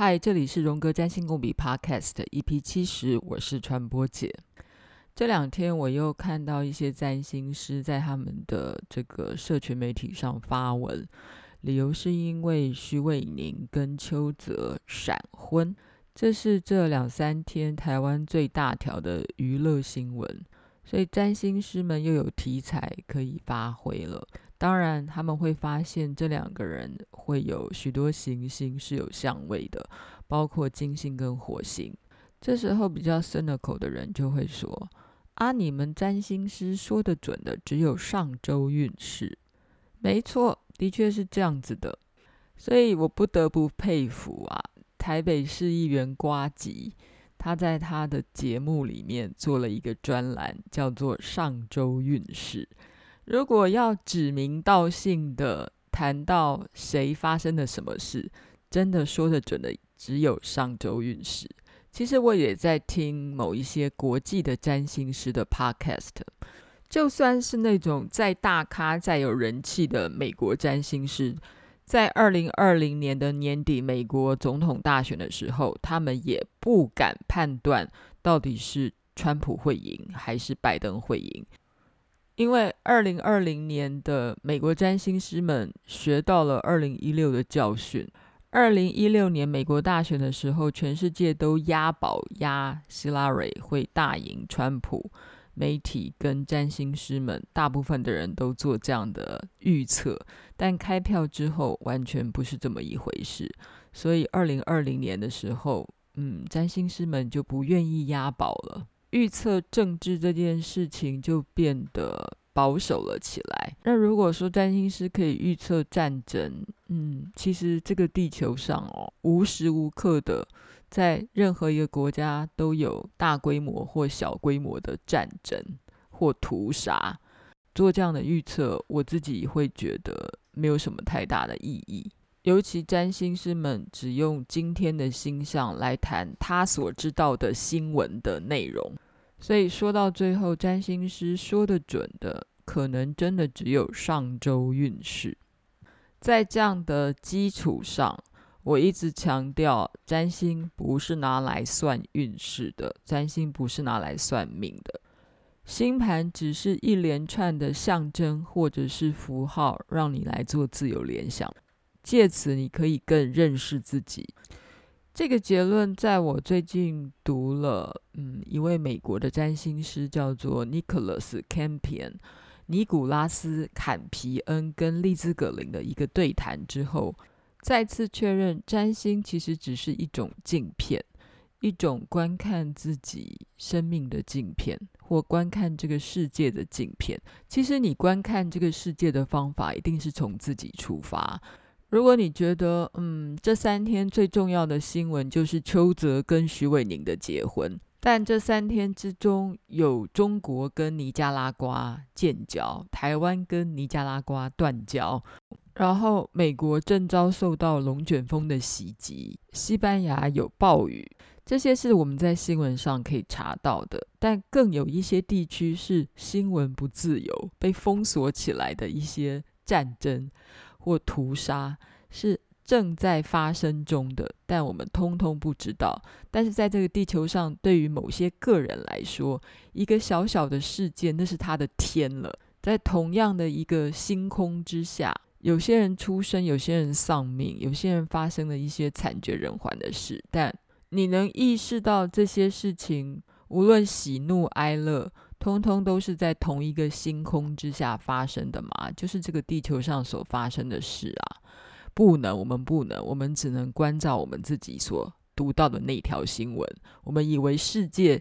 嗨，這裡是《榮格占星共筆》Podcast EP 七十，我是傳播姐。這兩天我又看到一些占星師在他們的這個社群媒體上發文，理由是因為許瑋寧跟邱澤閃婚，這是這兩三天台灣最大條的娛樂新聞，所以占星師們又有題材可以發揮了。當然，他們會發現這兩個人會有許多行星是有相位的，包括金星跟火星。這時候比較 cynical 的人就會說：“啊，你們占星師說得準的只有上周運勢。”沒錯，的確是這樣子的。所以我不得不佩服啊，台北市議員呱吉，他在他的節目裡面做了一個專欄，叫做“上周運勢”。如果要指名道姓的談到誰發生了什麼事，真的說得準的只有上周運勢。其實我也在聽某一些國際的占星師的 podcast，就算是那種再大咖、再有人氣的美國占星師，在二零二零年的年底美國總統大選的時候，他們也不敢判斷到底是川普會贏還是拜登會贏。因為二零二零年的美國占星師們學到了二零一六的教訓。二零一六年美國大選的時候，全世界都押寶押希拉蕊會大贏川普，媒體跟占星師們大部分的人都做這樣的預測。但開票之後完全不是這麼一回事，所以二零二零年的時候，嗯，占星師們就不願意押寶了。預測政治這件事情就變得保守了起來。那如果說占星師可以預測戰爭，嗯，其實這個地球上哦，無時無刻的在任何一個國家都有大規模或小規模的戰爭或屠殺。做這樣的預測，我自己會覺得沒有什麼太大的意義。尤其占星師們只用今天的星象來談他所知道的新聞的內容。所以說到最後，占星師說得準的，可能真的只有上周運勢。在這樣的基礎上，我一直強調，占星不是拿來算運勢的，占星不是拿來算命的。星盤只是一連串的象徵或者是符號，讓你來做自由聯想，借此你可以更認識自己。這個結論在我最近讀了，嗯，一位美國的占星師叫做 Nicholas Campion（ 尼古拉斯·坎皮恩）跟利茲·格林的一個對談之後，再次確認，占星其實只是一種鏡片，一種觀看自己生命的鏡片，或觀看這個世界的鏡片。其實你觀看這個世界的方法，一定是從自己出發。如果你覺得，嗯，這三天最重要的新聞就是邱澤跟許瑋甯的結婚，但這三天之中有中國跟尼加拉瓜建交，台灣跟尼加拉瓜斷交，然後美國正遭受到龍捲風的襲擊，西班牙有暴雨，這些是我們在新聞上可以查到的，但更有一些地區是新聞不自由、被封鎖起來的一些戰爭。或屠殺是正在發生中的，但我們通通不知道。但是在這個地球上，對於某些個人來說，一個小小的事件，那是他的天了。在同樣的一個星空之下，有些人出生，有些人喪命，有些人發生了一些慘絕人寰的事。但你能意識到這些事情，無論喜怒哀樂。通通都是在同一個星空之下發生的嘛，就是這個地球上所發生的事啊！不能，我們不能，我們只能關照我們自己所讀到的那條新聞。我們以為世界，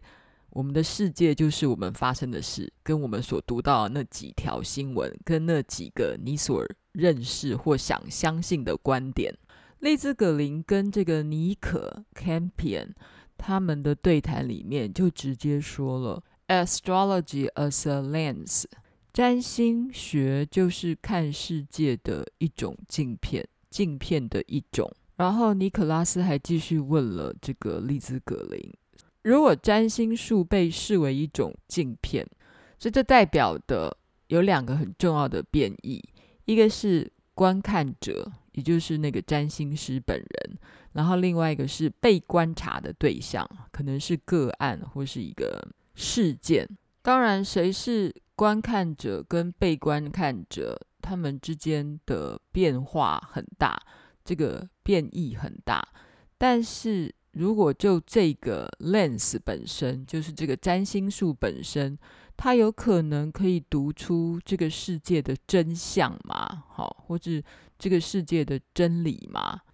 我們的世界就是我們發生的事，跟我們所讀到的那幾條新聞，跟那幾個你所認識或想相信的觀點。利茲·格林跟這個尼可 Campion 他們的對談裡面就直接說了。Astrology as a lens，占星學就是看世界的一種鏡片，鏡片的一種。然後，尼克拉斯還繼續問了這個麗茲·格林：如果占星術被視為一種鏡片，所以這代表的有兩個很重要的變異，一個是觀看者，也就是那個占星師本人；然後另外一個是被觀察的對象，可能是個案或是一個事件，當然，誰是觀看者跟被觀看者，他們之間的變化很大，這個變異很大。但是如果就這個 lens 本身，就是這個占星術本身，它有可能可以讀出這個世界的真相嗎？好，或者這個世界的真理嗎？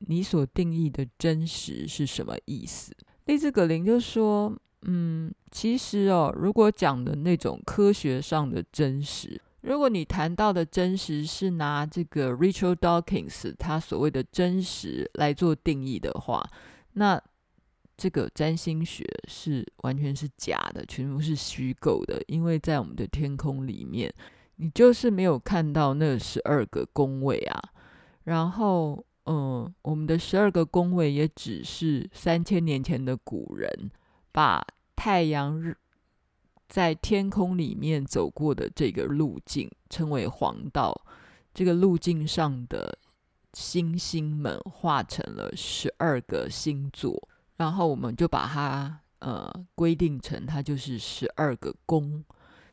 你所定義的真實是什麼意思？麗茲格林就說：“嗯，其實哦，如果講的那種科學上的真實，如果你談到的真實是拿這個 Richard Dawkins 他所謂的‘真實’來做定義的話，那這個占星學是完全是假的，全部是虛構的，因為在我們的天空裡面，你就是沒有看到那十二個宮位啊，然後。”嗯，我們的十二個宮位也只是三千年前的古人把太陽日在天空裡面走過的這個路徑稱為黃道，這個路徑上的星星們畫成了十二個星座，然後我們就把它呃、嗯、規定成它就是十二個宮，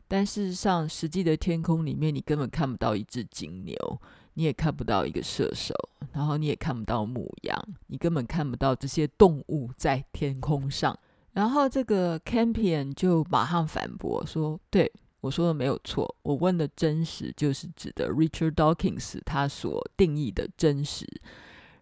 但事實上，實際的天空裡面你根本看不到一隻金牛。你也看不到一個射手，然後你也看不到母羊，你根本看不到這些動物在天空上。然後這個 Campion 就馬上反駁說：“對，我說的沒有錯，我問的真實就是指的 Richard Dawkins 他所定義的真實。”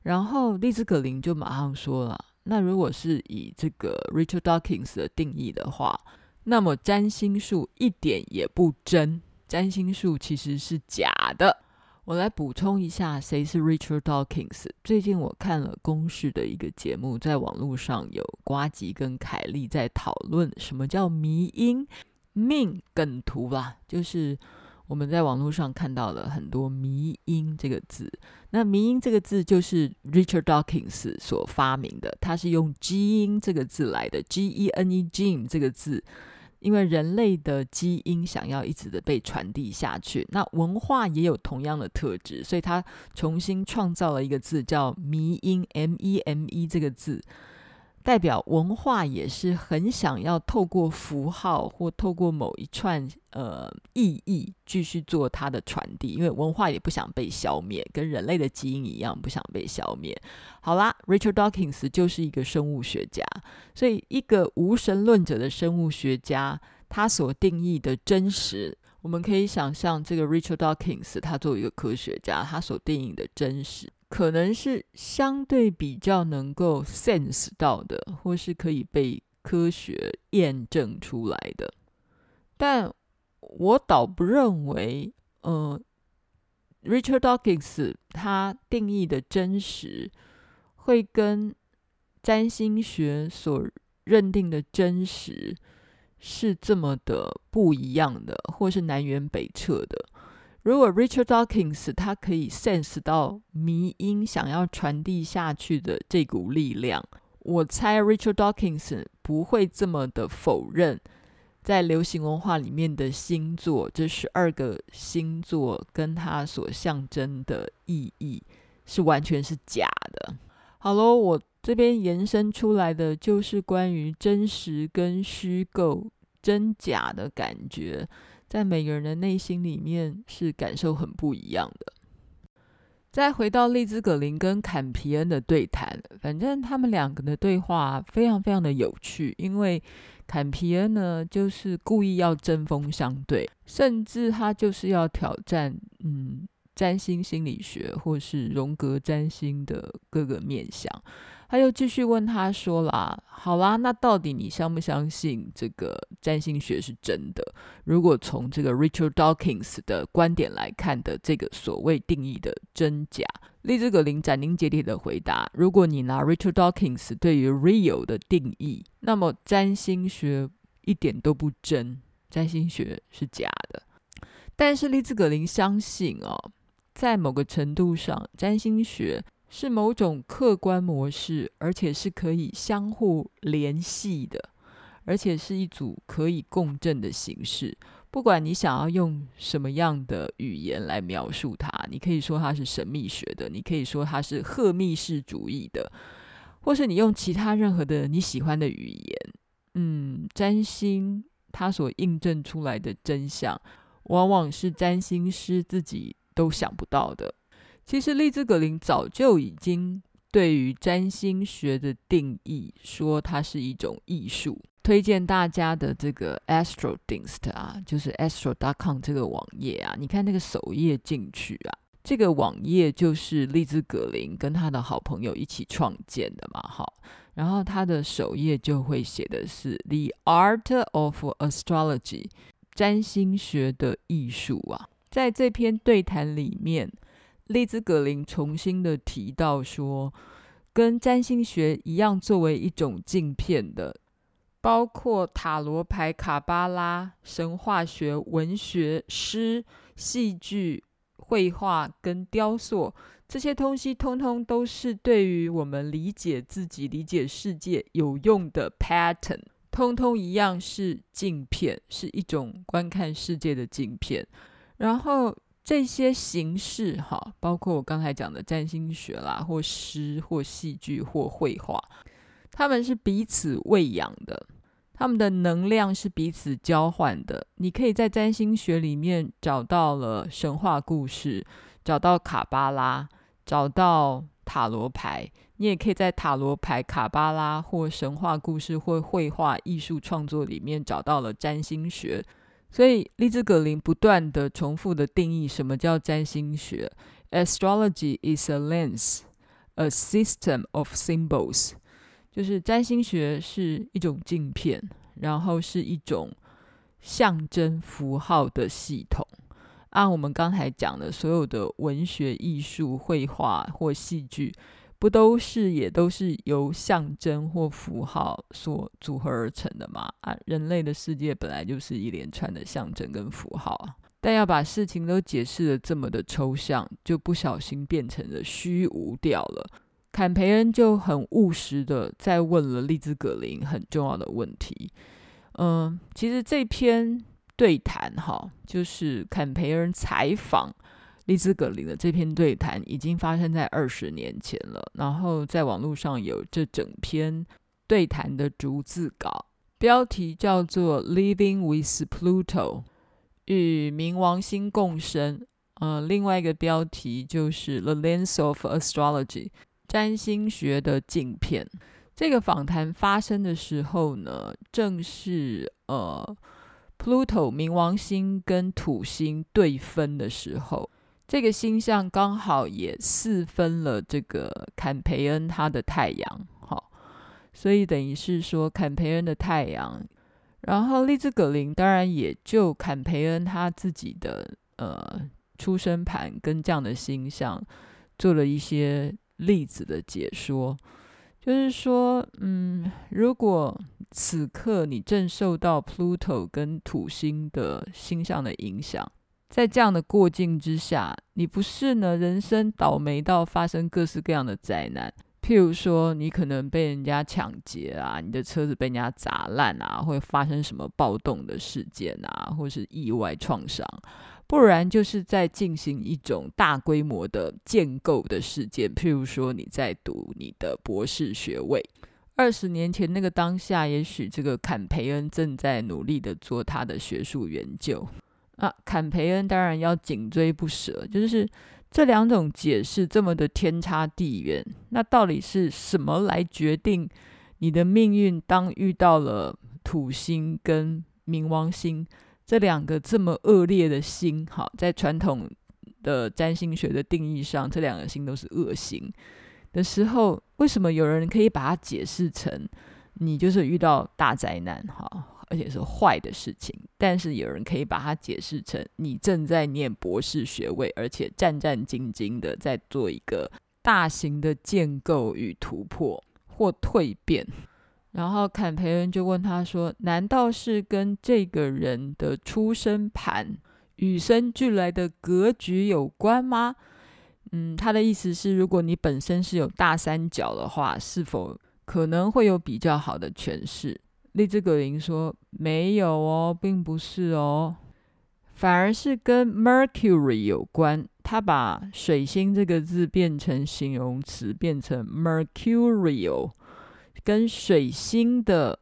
然後麗茲格林就馬上說了：“那如果是以這個 Richard Dawkins 的定義的話，那麼占星術一點也不真，占星術其實是假的。”我來補充一下，誰是 Richard Dawkins？最近我看了公視的一個節目，在網絡上有呱吉跟凱莉在討論什麼叫迷因。命梗圖吧，就是我們在網絡上看到了很多迷因這個字。那迷因這個字就是 Richard Dawkins 所發明的，他是用基因這個字來的，g e n e gene 這個字。因為人類的基因想要一直的被傳遞下去，那文化也有同樣的特質，所以他重新創造了一個字叫“迷音 ”（m-e-m-e） 這個字。代表文化也是很想要透過符號或透過某一串呃意義繼續做它的傳遞，因為文化也不想被消滅，跟人類的基因一樣不想被消滅。好啦，Richard Dawkins 就是一個生物學家，所以一個無神論者的生物學家，他所定義的真實，我們可以想象這個 Richard Dawkins，他作為一個科學家，他所定義的真實。可能是相對比較能夠 sense 到的，或是可以被科學驗證出來的，但我倒不認為，呃，Richard Dawkins 他定義的真實，會跟占星學所認定的真實是這麼的不一樣的，或是南轅北轍的。如果 Richard Dawkins 他可以 sense 到迷因想要傳遞下去的這股力量，我猜 Richard Dawkins 不會這麼的否認，在流行文化裡面的星座，這十二個星座跟他所象徵的意義是完全是假的。好了，我這邊延伸出來的就是關於真實跟虛構、真假的感覺。在每個人的內心裡面是感受很不一樣的。再回到麗茲·葛林跟坎皮恩的對談，反正他們兩個的對話非常非常的有趣，因為坎皮恩呢就是故意要針鋒相對，甚至他就是要挑戰，嗯，占星心理學或是榮格占星的各個面向。他又繼續問他說啦，好啦，那到底你相不相信這個占星學是真的？如果從這個 Richard Dawkins 的觀點來看的這個所謂定義的真假，麗茲格林斬釘截鐵的回答：如果你拿 Richard Dawkins 對於 real 的定義，那麼占星學一點都不真，占星學是假的。但是麗茲格林相信哦，在某個程度上，占星學。是某種客觀模式，而且是可以相互聯繫的，而且是一組可以共振的形式。不管你想要用什麼樣的語言來描述它，你可以說它是神秘學的，你可以說它是赫密士主義的，或是你用其他任何的你喜歡的語言。嗯，占星它所印證出來的真相，往往是占星師自己都想不到的。其實，麗茲格林早就已經對於占星學的定義說，它是一種藝術。推薦大家的這個 Astrodienst 啊，就是 Astro.com 這個網頁啊。你看那個首頁進去啊，這個網頁就是麗茲格林跟他的好朋友一起創建的嘛，哈。然後他的首頁就會寫的是 The Art of Astrology，占星學的藝術啊。在這篇對談裡面。利茲·格林重新的提到說，跟占星學一樣，作為一種鏡片的，包括塔羅牌、卡巴拉、神話學、文學、詩、戲劇、繪畫跟雕塑，這些東西通通都是對於我們理解自己、理解世界有用的 pattern，通通一樣是鏡片，是一種觀看世界的鏡片，然後。這些形式哈，包括我剛才講的占星學啦，或詩，或戲劇，或繪畫，他們是彼此餵養的，他們的能量是彼此交換的。你可以在占星學裡面找到了神話故事，找到卡巴拉，找到塔羅牌。你也可以在塔羅牌、卡巴拉或神話故事或繪畫藝術創作裡面找到了占星學。所以，麗茲·格林不斷的、重複的定義什麼叫占星學？Astrology is a lens, a system of symbols。就是占星學是一種鏡片，然後是一種象徵符號的系統。按我們剛才講的，所有的文學、藝術、繪畫或戲劇，不都是也都是由象徵或符號所組合而成的嗎？啊，人類的世界本來就是一連串的象徵跟符號，但要把事情都解釋得這麼的抽象，就不小心變成了虛無掉了。坎培恩就很務實的在問了麗茲格林很重要的問題。嗯，其實這篇對談哈，就是坎培恩採訪。麗茲·格林的這篇對談已經發生在二十年前了，然後在網絡上有這整篇對談的逐字稿，標題叫做《Living with Pluto》，與冥王星共生。呃，另外一個標題就是《The Lens of Astrology》，占星學的鏡片。這個訪談發生的時候呢，正是呃，Pluto 冥王星跟土星對分的時候。這個星象剛好也四分了這個坎培恩他的太陽，哈、哦，所以等於是說坎培恩的太陽，然後麗茲格林當然也就坎培恩他自己的呃出生盤跟這樣的星象做了一些例子的解說，就是說，嗯，如果此刻你正受到 Pluto 跟土星的星象的影響。在這樣的過境之下，你不是呢，人生倒霉到發生各式各樣的災難，譬如說，你可能被人家搶劫啊，你的車子被人家砸爛啊，會發生什麼暴動的事件啊，或是意外創傷，不然就是在進行一種大規模的建構的事件，譬如說你在讀你的博士學位。二十年前那個當下，也許這個坎培恩正在努力地做他的學術研究。啊，坎培恩當然要緊追不舍。就是這兩種解釋這麼的天差地遠，那到底是什麼來決定你的命運？當遇到了土星跟冥王星這兩個這麼惡劣的星，好，在傳統的占星學的定義上，這兩個星都是惡星的時候，為什麼有人可以把它解釋成你就是遇到大災難？哈。而且是壞的事情，但是有人可以把它解釋成你正在念博士學位，而且戰戰兢兢的在做一個大型的建構與突破或蛻變。然後坎培恩就問他說：“難道是跟這個人的出生盤與生俱來的格局有關嗎？”嗯，他的意思是，如果你本身是有大三角的話，是否可能會有比較好的詮釋？麗茲格林說：“沒有哦，並不是哦，反而是跟 Mercury 有關。他把水星這個字變成形容詞，變成 Mercurial，跟水星的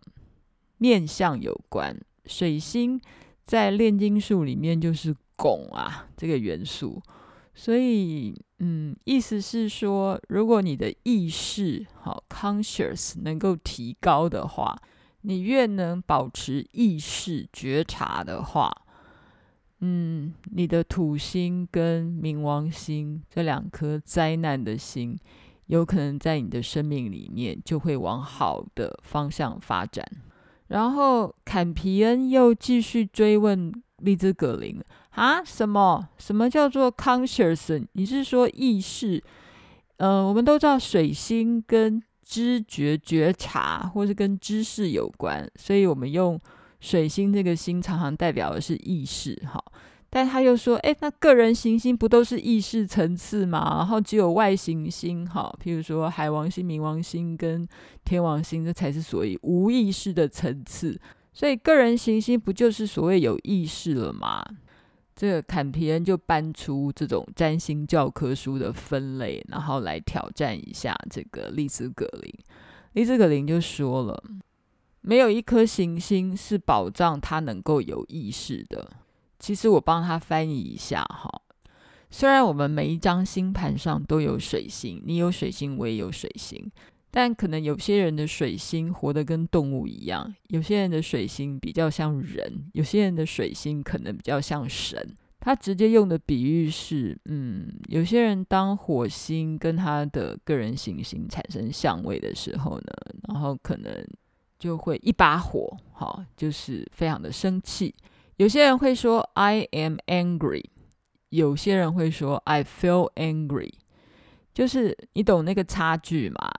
面相有關。水星在煉金術裡面就是汞啊，這個元素。所以，嗯，意思是說，如果你的意識好 （conscious） 能夠提高的話。”你越能保持意識覺察的話，嗯，你的土星跟冥王星這兩顆災難的星，有可能在你的生命裡面就會往好的方向發展。然後坎皮恩又繼續追問麗茲格林啊，什麼？什麼叫做 consciousness？你是說意識？嗯、呃，我們都知道水星跟知覺、覺察，或是跟知識有關，所以我們用水星這個星，常常代表的是意識，哈。但他又說，誒，那個人行星不都是意識層次嘛？然後只有外行星，哈，譬如說海王星、冥王星跟天王星，這才是所謂無意識的層次。所以個人行星不就是所謂有意識了嗎？這個坎皮恩就搬出這種占星教科書的分類，然後來挑戰一下這個利茲格林。利茲格林就說了：“沒有一顆行星是保障他能夠有意識的。”其實我幫他翻譯一下哈，雖然我們每一張星盤上都有水星，你有水星，我也有水星。但可能有些人的水星活得跟動物一樣，有些人的水星比較像人，有些人的水星可能比較像神。他直接用的比喻是，嗯，有些人當火星跟他的個人行星產生相位的時候呢，然後可能就會一把火，哈，就是非常的生氣。有些人會說 “I am angry”，有些人會說 “I feel angry”，就是你懂那個差距嗎？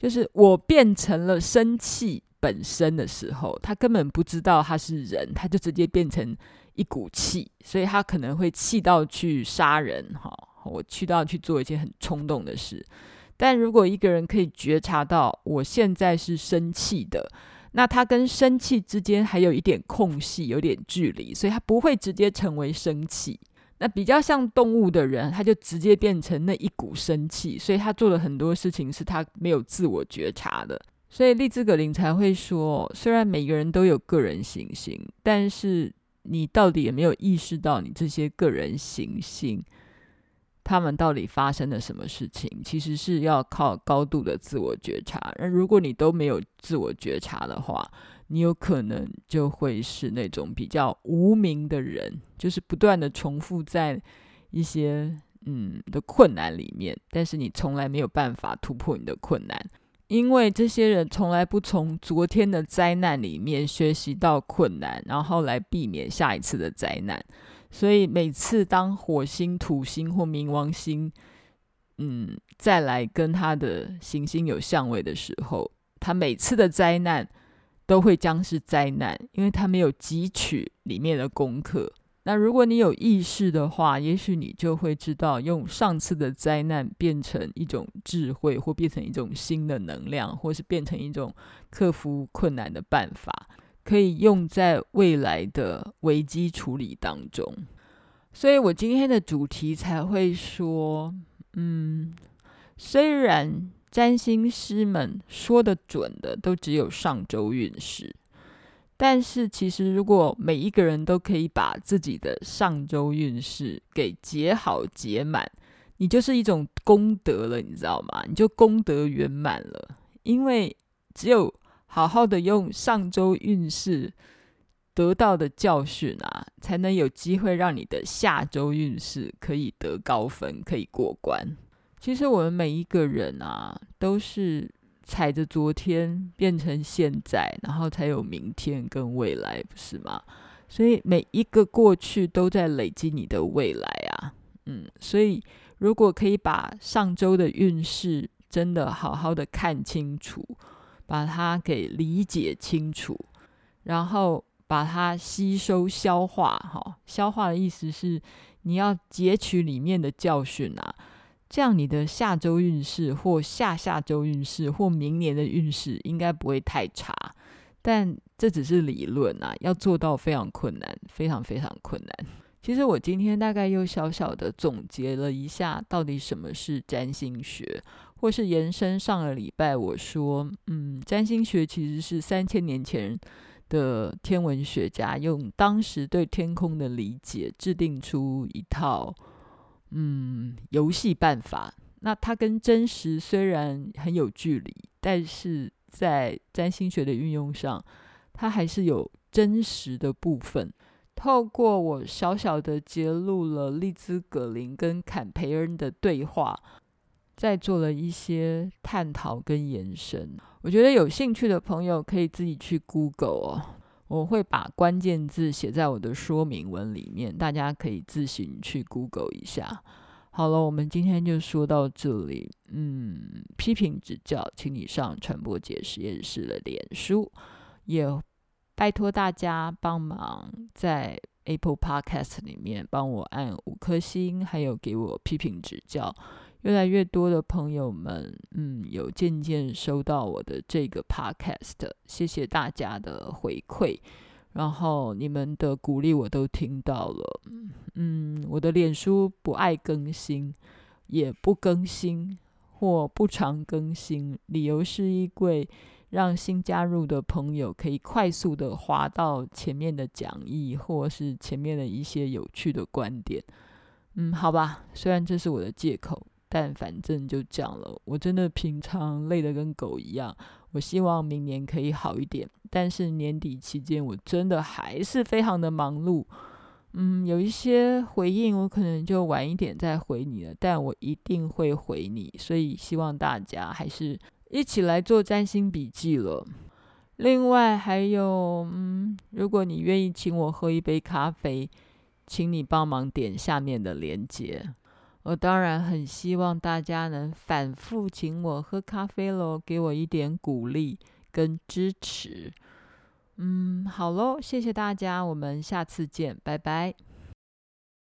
就是我變成了生氣本身的時候，他根本不知道他是人，他就直接變成一股氣，所以他可能會氣到去殺人，哈，我氣到去做一件很衝動的事。但如果一個人可以覺察到我現在是生氣的，那他跟生氣之間還有一點空隙，有點距離，所以他不會直接成為生氣。那比較像動物的人，他就直接變成那一股生氣，所以他做了很多事情是他沒有自我覺察的。所以麗茲格林才會說，雖然每個人都有個人行星，但是你到底也沒有意識到你這些個人行星，他們到底發生了什麼事情，其實是要靠高度的自我覺察。那如果你都沒有自我覺察的話，你有可能就會是那種比較無名的人，就是不斷的重複在一些嗯的困難裡面，但是你從來沒有辦法突破你的困難，因為這些人從來不從昨天的災難裡面學習到困難，然後來避免下一次的災難。所以每次當火星、土星或冥王星嗯再來跟他的行星有相位的時候，他每次的災難。都會將是災難，因為他沒有汲取裡面的功課。那如果你有意識的話，也許你就會知道，用上次的災難變成一種智慧，或變成一種新的能量，或是變成一種克服困難的辦法，可以用在未來的危機處理當中。所以我今天的主題才會說，嗯，雖然。占星師們說的準的都只有上周運勢，但是其實如果每一個人都可以把自己的上周運勢給解好解滿，你就是一種功德了，你知道嗎？你就功德圓滿了，因為只有好好的用上周運勢得到的教訓啊，才能有機會讓你的下周運勢可以得高分，可以過關。其實我們每一個人啊，都是踩着昨天變成現在，然後才有明天跟未來，不是嗎？所以每一個過去都在累積你的未來啊，嗯。所以如果可以把上周的運勢真的好好的看清楚，把它給理解清楚，然後把它吸收消化，哈、哦，消化的意思是你要截取裡面的教訓啊。這樣你的下周運勢或下下周運勢或明年的運勢應該不會太差，但這只是理論啊，要做到非常困難，非常非常困難。其實我今天大概又小小的總結了一下，到底什麼是占星學，或是延伸上個禮拜我說，嗯，占星學其實是三千年前的天文學家用當時對天空的理解制定出一套。嗯，遊戲辦法，那它跟真實雖然很有距離，但是在占星學的運用上，它還是有真實的部分。透過我小小的揭露了利茲·葛林跟坎培恩的對話，再做了一些探討跟延伸。我覺得有興趣的朋友可以自己去 Google 哦。我會把關鍵字寫在我的說明文裡面，大家可以自行去 Google 一下。好了，我們今天就說到這裡。嗯，批評指教，請你上傳播姊實驗室的臉書，也拜托大家幫忙在 Apple Podcast 裡面幫我按五顆星，還有給我批評指教。越來越多的朋友們，嗯，有漸漸收到我的這個 podcast，謝謝大家的回饋，然後你們的鼓勵我都聽到了。嗯，我的臉書不愛更新，也不更新或不常更新，理由是衣櫃，讓新加入的朋友可以快速地滑到前面的講義或是前面的一些有趣的觀點。嗯，好吧，雖然這是我的借口。但反正就這樣了。我真的平常累得跟狗一樣。我希望明年可以好一點，但是年底期間我真的還是非常的忙碌。嗯，有一些回應我可能就晚一點再回你了，但我一定會回你。所以希望大家還是一起來做占星筆記了。另外還有，嗯，如果你願意請我喝一杯咖啡，請你幫忙點下面的鏈接。我當然很希望大家能反覆請我喝咖啡咯，給我一點鼓勵跟支持。嗯，好咯，謝謝大家，我們下次見，拜拜。